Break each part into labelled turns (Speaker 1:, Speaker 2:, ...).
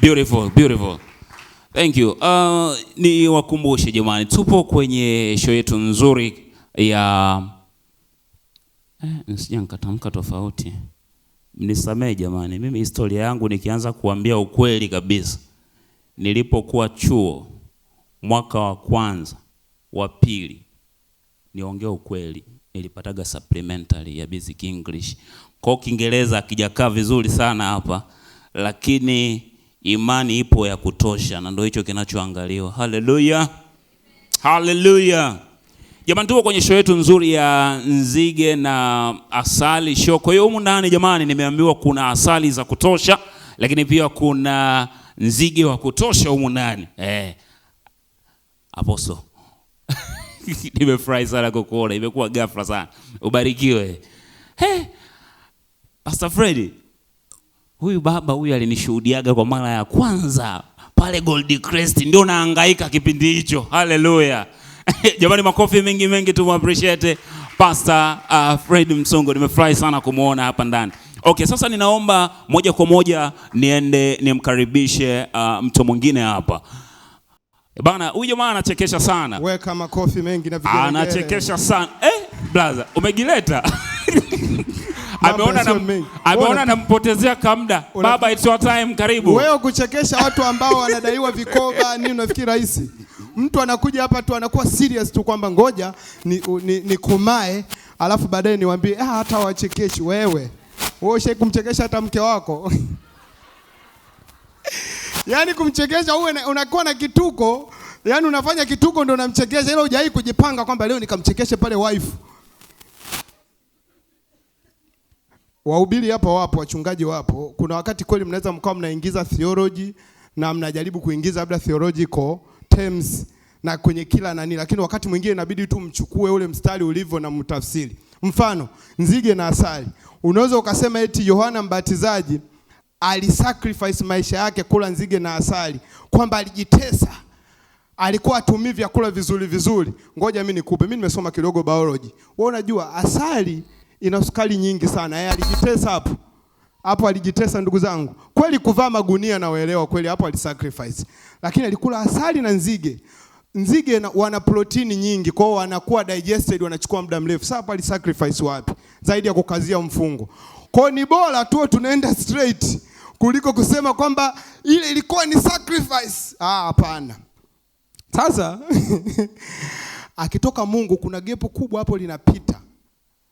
Speaker 1: Beautiful, beautiful. Thank you. Uh, ni wakumbushe jamani, tupo kwenye show yetu nzuri ya eh, nisija nikatamka tofauti, nisamee jamani. Mimi historia yangu nikianza kuambia ukweli kabisa, nilipokuwa chuo mwaka wa kwanza wa pili, niongea ukweli, nilipataga supplementary ya basic English, kwa Kiingereza akijakaa vizuri sana hapa, lakini Imani ipo ya kutosha, na ndio hicho kinachoangaliwa. Haleluya, haleluya. Jamani, tuko kwenye show yetu nzuri ya nzige na asali show. Kwa hiyo humu ndani jamani, nimeambiwa kuna asali za kutosha, lakini pia kuna nzige wa kutosha humu ndani eh. Apostle nimefurahi sana kukuona, imekuwa ghafla sana. Ubarikiwe. Hey, eh. Pastor Freddy Huyu baba huyu alinishuhudiaga kwa mara ya kwanza pale Gold Crest, ndio naangaika kipindi hicho. Haleluya! Jamani, makofi mengi mengi, tu appreciate Pastor uh, Fred Msongo. Nimefurahi sana kumuona hapa ndani. Okay, sasa ninaomba moja kwa moja niende nimkaribishe uh, mtu mwingine hapa. Bana, huyu jamaa anachekesha sana.
Speaker 2: Weka makofi mengi na
Speaker 1: vijana. Anachekesha sana. Eh, brother, umegileta. ameona anampotezea kamda. Baba, it's your time, karibu.
Speaker 2: Wewe kuchekesha watu ambao wanadaiwa vikoba nini, unafikiri rahisi? Mtu anakuja hapa tu anakuwa serious tu kwamba ngoja nikomae ni, ni alafu baadaye niwaambie ah, hata wachekeshi wewe. Wewe ushai kumchekesha hata mke wako? Yaani kumchekesha uwe unakuwa na kituko, yaani unafanya kituko ndio unamchekesha, ila hujawahi kujipanga kwamba leo nikamchekeshe pale wife. Wahubiri hapa wapo, wachungaji wapo. Kuna wakati kweli mnaweza mkawa mnaingiza theology na mnajaribu kuingiza labda theological terms na kwenye kila nani, lakini wakati mwingine inabidi tu mchukue ule mstari ulivyo na mtafsiri. Mfano, nzige na asali. Unaweza ukasema eti Yohana Mbatizaji alisacrifice maisha yake kula nzige na asali, kwamba alijitesa, alikuwa atumii vyakula vizuri vizuri. Ngoja mimi nikupe, mimi nimesoma kidogo biology. Wewe unajua asali ina sukari nyingi sana. Yeye alijitesa hapo. Hapo alijitesa ndugu zangu. Kweli kuvaa magunia na waelewa kweli hapo alisacrifice. Lakini alikula asali na nzige. Nzige na, wana protini nyingi kwao wanakuwa digested wanachukua muda mrefu. Sasa hapo alisacrifice wapi? Zaidi ya kukazia mfungo. Kwa ni bora tu tunaenda straight kuliko kusema kwamba ile ilikuwa ni sacrifice. Ah, hapana. Sasa akitoka Mungu kuna gepo kubwa hapo linapita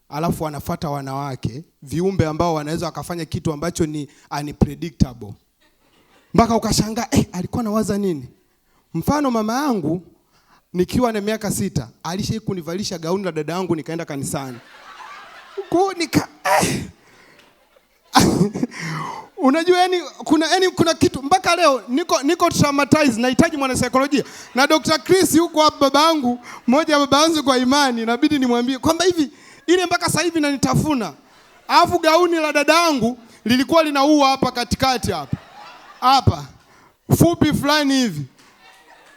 Speaker 2: alafu wanafata wanawake, viumbe ambao wanaweza wakafanya kitu ambacho ni unpredictable, ah, mpaka ukashangaa eh, alikuwa anawaza nini? Mfano, mama yangu nikiwa na miaka sita alishai kunivalisha gauni la dada yangu nikaenda kanisani kwa nika eh. Unajua yani kuna yani kuna kitu mpaka leo niko niko traumatized, nahitaji mwanasaikolojia na Dr. Chris huko hapa, babangu mmoja, babangu kwa imani, inabidi nimwambie kwamba hivi ile mpaka sasa hivi nanitafuna. Alafu gauni la dadangu lilikuwa linaua hapa katikati hapa hapa fupi fulani hivi,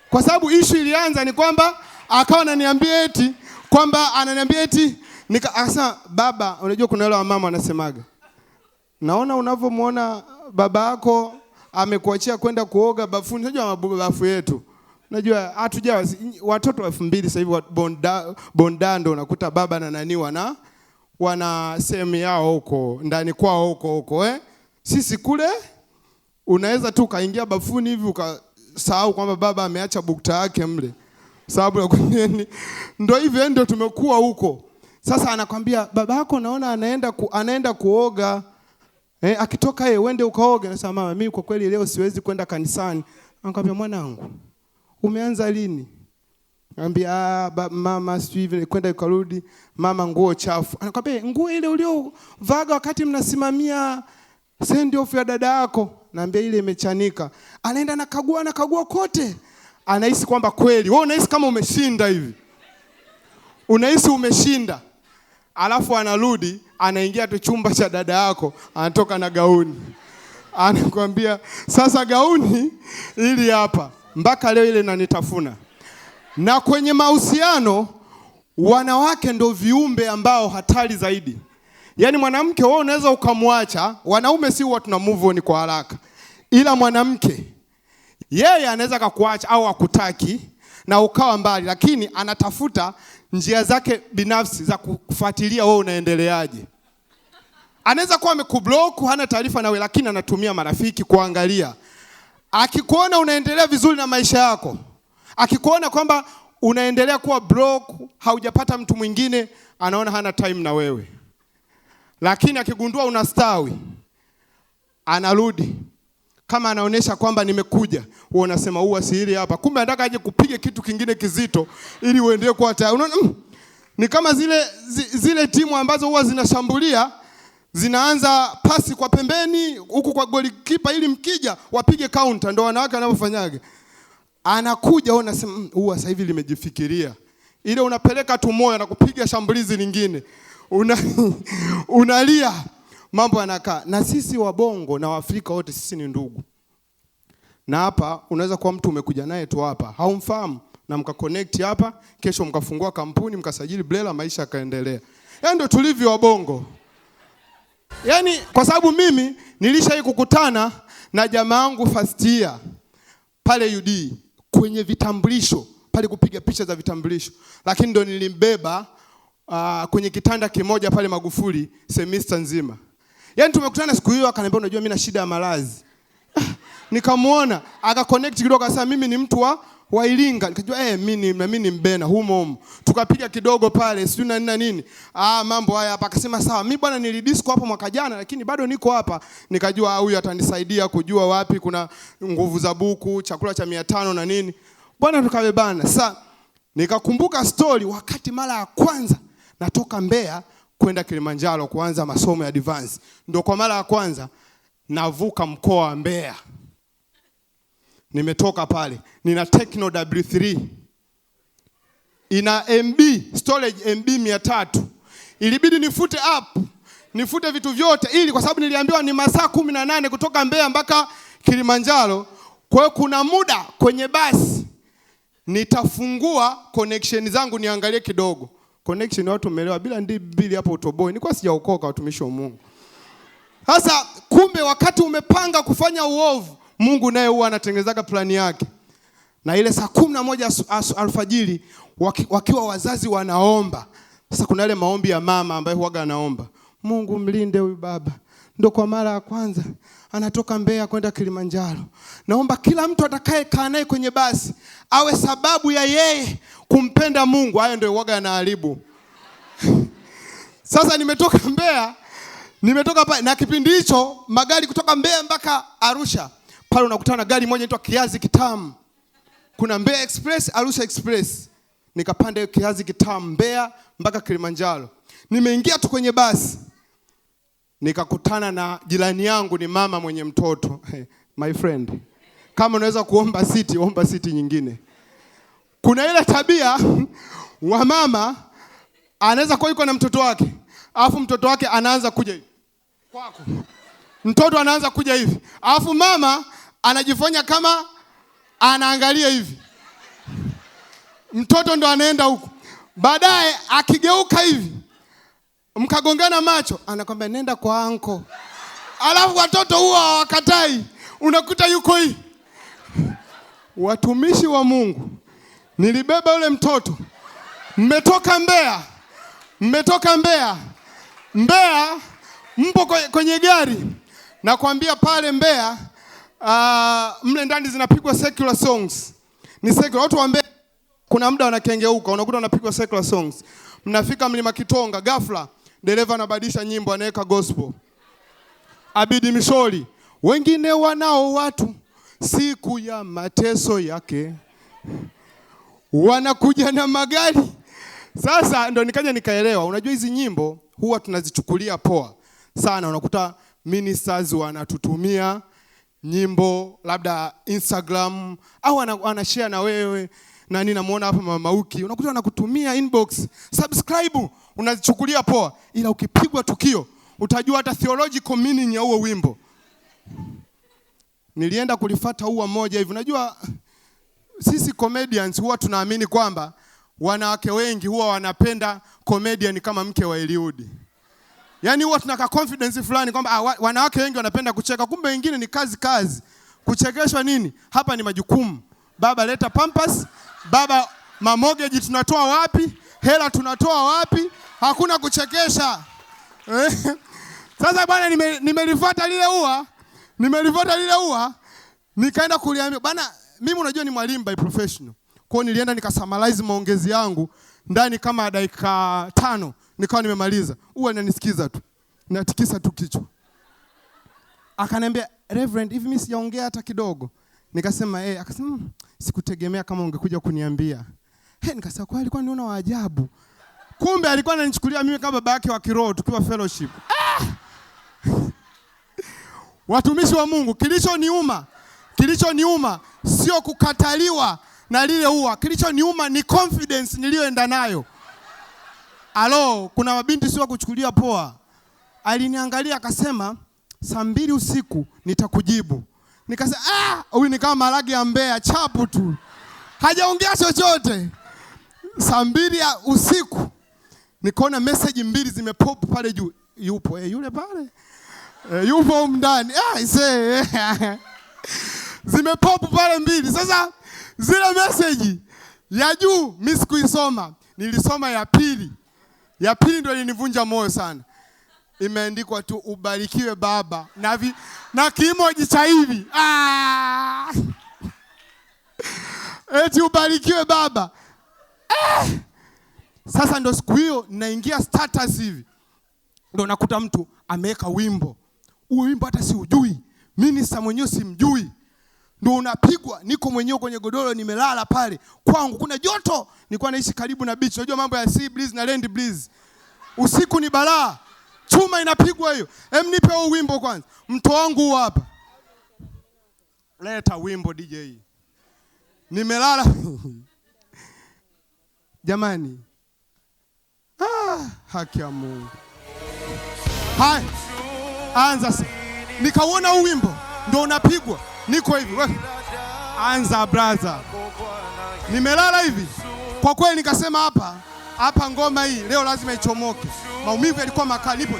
Speaker 2: kwa sababu ishu ilianza ni kwamba akawa ananiambia eti kwamba ananiambia eti nika, akasema baba, unajua kuna wale wamama wanasemaga, naona unavyomuona baba yako amekuachia kwenda kuoga bafuni. Unajua mabubu bafu yetu Najua hatuja watoto elfu mbili sasa hivi bonda, bondando unakuta baba na nani wana wana sehemu yao huko ndani kwao huko huko eh? Sisi kule unaweza tu ukaingia bafuni hivi ukasahau kwamba baba ameacha bukta yake mle, sababu ya kunini? Ndio hivyo ndio tumekuwa huko. Sasa anakwambia baba yako, naona anaenda ku, anaenda kuoga eh, akitoka yeye uende ukaoge. Nasema mama, mimi kwa kweli leo siwezi kwenda kanisani. Anakwambia mwanangu umeanza lini? Anambia ah, mama, sijui vile kwenda ikarudi, mama nguo chafu. Anakwambia nguo ile uliovaga wakati mnasimamia send off ya dada yako, naambia ile imechanika. Anaenda nakagua, nakagua kote, anahisi kwamba kweli wewe unahisi kama umeshinda hivi, unahisi umeshinda, alafu anarudi anaingia tu chumba cha dada yako, anatoka na gauni, anakwambia sasa gauni ili hapa mpaka leo ile nanitafuna. Na kwenye mahusiano, wanawake ndo viumbe ambao hatari zaidi. Yaani mwanamke wewe unaweza ukamwacha, wanaume si huwa tuna move on kwa haraka, ila mwanamke yeye anaweza kakuacha au akutaki na ukawa mbali, lakini anatafuta njia zake binafsi za kufuatilia wewe unaendeleaje. Anaweza kuwa amekublock, hana taarifa nawe, lakini anatumia marafiki kuangalia akikuona unaendelea vizuri na maisha yako, akikuona kwamba unaendelea kuwa broke, haujapata mtu mwingine, anaona hana time na wewe. Lakini akigundua unastawi, anarudi kama anaonyesha kwamba nimekuja, wewe unasema huu si hapa, kumbe anataka aje kupiga kitu kingine kizito ili uendelee kuwa tayari. Unaona, mm, ni kama zile zile timu ambazo huwa zinashambulia zinaanza pasi kwa pembeni huku kwa golikipa, ili mkija wapige kaunta. Ndo wanawake wanavyofanyaga. Anakuja ona, sema mm, huu sasa hivi limejifikiria ile, unapeleka tu moyo na kupiga shambulizi lingine, una unalia, mambo yanakaa. Na sisi wabongo na waafrika wote sisi ni ndugu, na hapa unaweza kuwa mtu umekuja naye tu hapa haumfahamu, na mkaconnect hapa, kesho mkafungua kampuni, mkasajili BRELA, maisha yakaendelea. Yaani ndio tulivyo wabongo. Yaani kwa sababu mimi nilishai kukutana na jamaa wangu first year pale UD kwenye vitambulisho pale kupiga picha za vitambulisho, lakini ndo nilimbeba uh, kwenye kitanda kimoja pale Magufuli semista nzima. Yaani tumekutana siku hiyo, akaniambia unajua, mimi na shida ya malazi. Nikamuona akaconnect kidogo, akasema mimi ni mtu wa wa Iringa, nikajua eh, mimi na mimi ni mbena humo humo, tukapiga kidogo pale sijui na nina nini, ah, mambo haya hapa. Akasema sawa, mimi bwana nilidisco hapo mwaka jana, lakini bado niko hapa. Nikajua ah, huyu atanisaidia kujua wapi kuna nguvu za buku, chakula cha 500 na nini, bwana tukabebana. Sasa nikakumbuka story wakati mara ya kwanza natoka Mbeya kwenda Kilimanjaro kuanza masomo ya advance, ndio kwa mara ya kwanza navuka mkoa wa Mbeya. Nimetoka pale, nina Tecno W3 ina MB storage MB 300. Ilibidi nifute app, nifute vitu vyote ili, kwa sababu niliambiwa ni masaa kumi na nane kutoka Mbeya mpaka Kilimanjaro. Kwa kuna muda kwenye basi nitafungua connection zangu niangalie kidogo connection. Watu umeelewa? Bila ndi bili hapo utoboi, nilikuwa sijaokoka, watumishi wa Mungu. Sasa kumbe wakati umepanga kufanya uovu Mungu naye huwa anatengenezaga plani yake, na ile saa kumi na moja alfajiri waki, wakiwa wazazi wanaomba sasa, kuna yale maombi ya mama ambaye huaga anaomba Mungu mlinde huyu baba, ndo kwa mara ya kwanza anatoka Mbeya kwenda Kilimanjaro. Naomba kila mtu atakayekaa naye kwenye basi awe sababu ya yeye kumpenda Mungu. Hayo ndio huaga anaharibu. Sasa nimetoka Mbeya, nimetoka pale, na kipindi hicho magari kutoka Mbeya mpaka Arusha pale unakutana na gari moja inaitwa kiazi kitamu. Kuna Mbeya Express, Arusha Express. Nikapanda hiyo kiazi kitamu Mbeya mpaka Kilimanjaro. Nimeingia tu kwenye basi nikakutana na jirani yangu, ni mama mwenye mtoto Hey, my friend, kama unaweza kuomba siti, omba siti nyingine. Kuna ile tabia wa mama anaweza kuwa yuko na mtoto wake, alafu mtoto wake anaanza kuja kwako, mtoto anaanza kuja hivi, alafu mama anajifanya kama anaangalia hivi, mtoto ndo anaenda huku. Baadaye akigeuka hivi, mkagongana macho, anakwambia nenda kwa anko. Alafu watoto huwa hawakatai, unakuta yuko hii. Watumishi wa Mungu, nilibeba yule mtoto, mmetoka Mbeya, mmetoka Mbeya, Mbeya mpo kwenye gari, nakwambia pale Mbeya uh, mle ndani zinapigwa secular songs. Ni secular. Watu waambie kuna muda wanakengeuka, unakuta wanapigwa secular songs. Mnafika Mlima Kitonga, ghafla dereva anabadilisha nyimbo, anaweka gospel. Abidi Mishori, wengine wanao watu siku ya mateso yake wanakuja na magari. Sasa ndo nikaja nikaelewa, unajua hizi nyimbo huwa tunazichukulia poa sana, unakuta ministers wanatutumia nyimbo labda Instagram au anashare na wewe na namuona hapa Mama Mauki, unakuta anakutumia inbox, subscribe, unazichukulia poa, ila ukipigwa tukio utajua hata theological meaning ya huo wimbo. Nilienda kulifata ua moja hivi. Unajua sisi comedians huwa tunaamini kwamba wanawake wengi huwa wanapenda comedian kama mke wa Eliudi. Yaani huwa tunaka confidence fulani kwamba ah, wanawake wengi wanapenda kucheka, kumbe wengine ni kazi kazi. Kuchekeshwa nini? Hapa ni majukumu. Baba leta Pampers, baba mamogeji tunatoa wapi? Hela tunatoa wapi? Hakuna kuchekesha. Eh? Sasa bwana, nimelifuata nime lile ua, nimelifuata lile ua, nikaenda kuliambia bwana, mimi unajua ni mwalimu by professional. Kwa hiyo nilienda nikasummarize maongezi yangu ndani kama dakika tano nikawa nimemaliza. Huwa ananisikiza tu, natikisa tu kichwa. Akaniambia, Reverend, hivi mimi sijaongea hata kidogo. Nikasema eh, akasema hmm, sikutegemea kama ungekuja kuniambia. He, nikasema kwa alikuwa niona wa ajabu. Kumbe alikuwa ananichukulia mimi kama baba yake wa kiroho tukiwa fellowship. Ah! Watumishi wa Mungu, kilichoniuma kilichoniuma sio kukataliwa na lile ua, kilichoniuma ni confidence niliyoenda nayo. Alo, kuna mabinti si kuchukulia poa. Aliniangalia akasema saa mbili usiku nitakujibu. Nikasema ah, huyu ni kama maragi ya Mbeya chapu tu. Hajaongea chochote. Saa mbili usiku nikaona message mbili zimepop pale juu. Yupo eh, yule pale. Eh, yupo ndani. Ah, ise. Zimepop pale mbili. Sasa zile message ya juu mimi sikuisoma. Nilisoma ya pili. Ya pili ndio ilinivunja moyo sana, imeandikwa tu ubarikiwe baba na, vi, na kimoji cha hivi ah! eti ubarikiwe baba eh! Sasa ndo siku hiyo naingia status hivi, ndo nakuta mtu ameweka wimbo. Huo wimbo hata siujui, minista mwenyewe simjui ndo unapigwa. Niko mwenyewe kwenye godoro, nimelala pale kwangu, kuna joto. Nilikuwa naishi karibu na beach, unajua mambo ya sea breeze na land breeze. Usiku ni balaa, chuma inapigwa hiyo. Em, nipe huo wimbo kwanza, mto wangu hapa. Leta wimbo DJ, nimelala jamani. Ah, haki ya Mungu. Hai, anza. Nikauona huu wimbo ndo unapigwa. Niko hivi, anza brother, nimelala hivi kwa kweli, nikasema hapa hapa, ngoma hii leo lazima ichomoke. Maumivu yalikuwa makali, nipo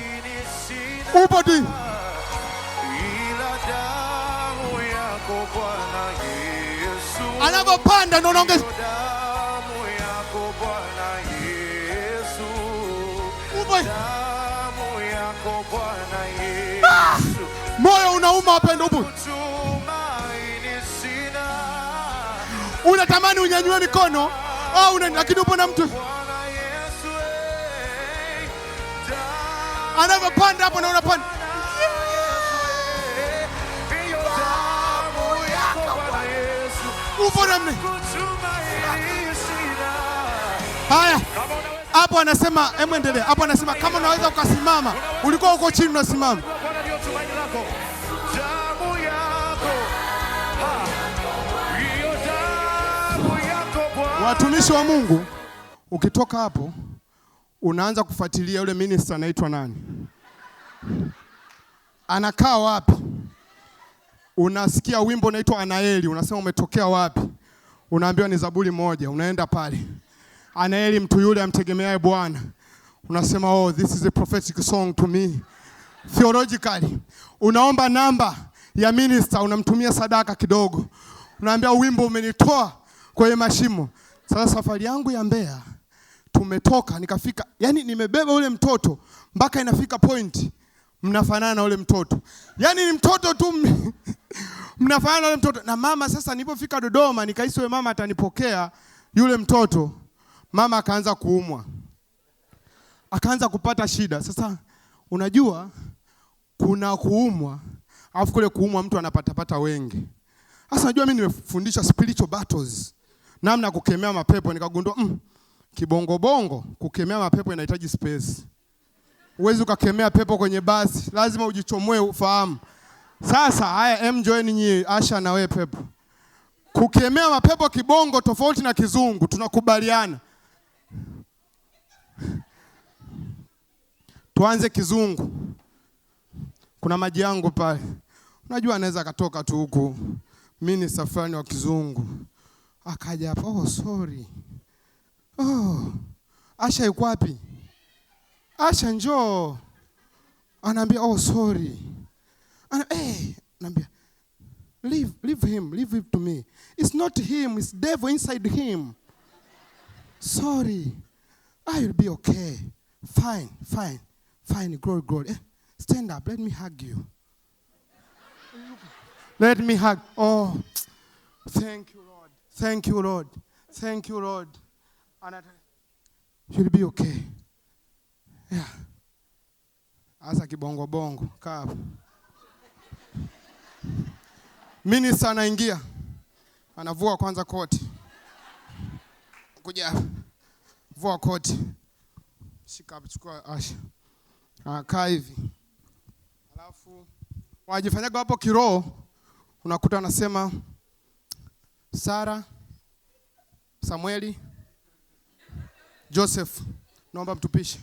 Speaker 2: upo tu anapopanda ndo naongeza Ah! Moyo unauma, wapenda ubu, unatamani unyanyue mikono au, ah, una, lakini upo na mtu anavyopanda hapo na unapanda upo namna haya hapo, anasema hebu emwendelea hapo, anasema kama unaweza ukasimama, ulikuwa uko chini, unasimama tumaini lako, damu yako, hiyo damu yako Bwana. Watumishi wa Mungu, ukitoka hapo unaanza kufuatilia yule minister anaitwa nani, anakaa wapi, unasikia wimbo unaitwa Anaeli, unasema umetokea wapi? Unaambiwa ni Zaburi moja, unaenda pale Anaeli, mtu yule amtegemeaye Bwana, unasema oh, this is a prophetic song to me theologically, unaomba namba ya minister, unamtumia sadaka kidogo, unaambia wimbo umenitoa kwenye mashimo. Sasa safari yangu ya Mbeya tumetoka nikafika, yani nimebeba ule mtoto mpaka inafika point mnafanana na ule mtoto, yani ni mtoto tu mnafanana na ule mtoto na mama. Sasa nilipofika Dodoma nikahisi wewe mama atanipokea yule mtoto, mama akaanza kuumwa, akaanza kupata shida. Sasa Unajua kuna kuumwa, alafu kule kuumwa mtu anapatapata wengi. Sasa najua mimi nimefundisha spiritual battles, namna ya kukemea mapepo, nikagundua mm, kibongobongo kukemea mapepo inahitaji space. uwezi ukakemea pepo kwenye basi, lazima ujichomwe ufahamu. Sasa haya em, join nyie, Asha na wewe pepo. Kukemea mapepo kibongo tofauti na kizungu, tunakubaliana. Tuanze kizungu. Kuna maji yangu pale, unajua anaweza akatoka tu huku. Mi ni safari wa kizungu, akaja hapa. Oh, sorry. Oh, Asha yuko wapi? Asha njoo, anaambia oh, sorry. Ana, hey, eh, anaambia leave, leave him, leave him to me. It's not him, it's devil inside him. Sorry, I will be okay. Fine, fine. Fine, glory, glory. Eh, stand up. Let me hug you. Let me hug. Oh, thank you, Lord. Thank you, Lord. Thank you, Lord. And I, you'll be okay. Yeah. Asa kibongo bongo. Kaa hapo. Minista anaingia. Anavua kwanza koti. Kuja. Vua koti. Shika chukua Asha anakaa hivi, alafu wajifanyaga wapo kiroho, unakuta anasema Sara, Samueli, Joseph, naomba mtupishe.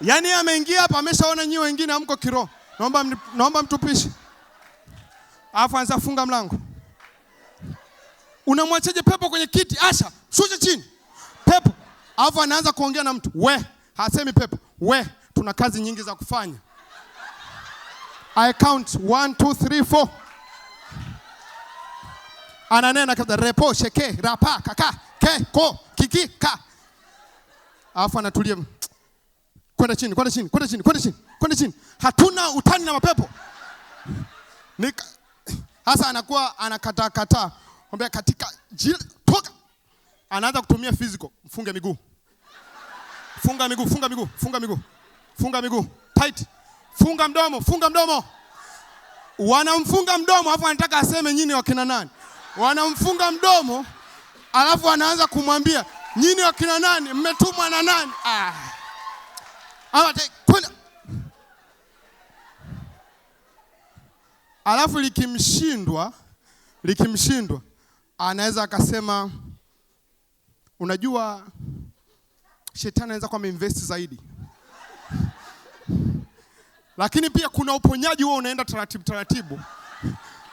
Speaker 2: Yaani ameingia hapa, ameshaona nyinyi wengine hamko kiroho, naomba naomba mtupishe, alafu anza funga mlango. Unamwachaje pepo kwenye kiti? Asha, shusha chini pepo, alafu anaanza kuongea na mtu Wewe hasemi pepo, we tuna kazi nyingi za kufanya. I count 1 2 3 4 ananena kabisa repo sheke rapa kaka ke ko kiki ka, alafu anatulia kwenda chini kwenda chini kwenda chini kwenda chini kwenda chini. Hatuna utani na mapepo Nika, hasa anakuwa anakataa kataa, mwambia katika jil, toka, anaanza kutumia physical, mfunge miguu Funga miguu, funga miguu, funga miguu, funga miguu tight, funga mdomo, funga mdomo. Wanamfunga mdomo, alafu anataka aseme nyinyi wakina nani? Wanamfunga mdomo, alafu anaanza kumwambia nyinyi wakina nani? Mmetumwa na nani? Ah. Alafu likimshindwa, likimshindwa anaweza akasema unajua shetani anaweza kuwa ameinvest zaidi lakini pia kuna uponyaji huo unaenda taratibu taratibu.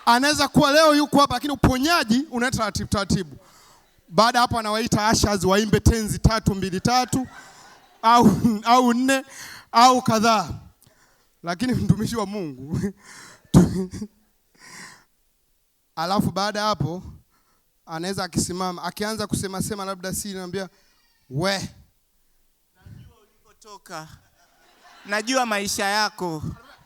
Speaker 2: Anaweza kuwa leo yuko hapa, lakini uponyaji unaenda taratibu taratibu. Baada hapo, anawaita ashaz waimbe tenzi tatu mbili tatu au, au nne au kadhaa. Lakini mtumishi wa Mungu alafu baada hapo anaweza akisimama akianza kusema sema, labda si naambia we
Speaker 3: Toka. Najua maisha yako.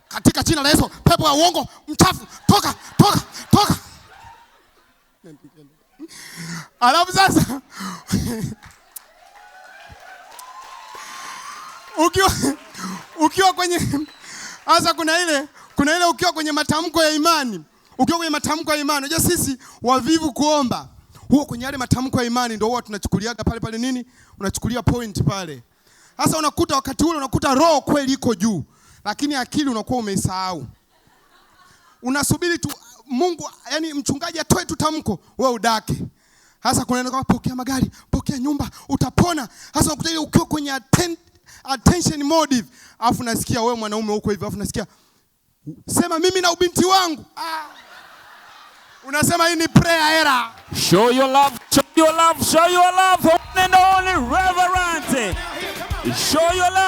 Speaker 2: Katika jina la Yesu, pepo ya uongo mchafu, toka, toka, toka. Alafu sasa ukiwa, ukiwa kwenye hasa kuna ile kuna ile ukiwa kwenye matamko ya imani, ukiwa kwenye matamko ya imani, unajua sisi wavivu kuomba, huo kwenye yale matamko ya imani ndio huwa tunachukuliaga pale pale nini, unachukulia point pale sasa unakuta wakati ule unakuta roho kweli iko juu, lakini akili unakuwa umeisahau. Unasubiri tu Mungu, yani mchungaji atoe tu tamko, wewe udake. Sasa kuna neno kama pokea magari, pokea nyumba, utapona. Sasa unakuta ile ukiwa kwenye atten, attention mode, afu nasikia wewe mwanaume huko hivi, afu nasikia sema mimi na ubinti wangu. Ah. Unasema hii ni prayer era.
Speaker 1: Show your love, show your love, show your love. One and only reverence. Show your love.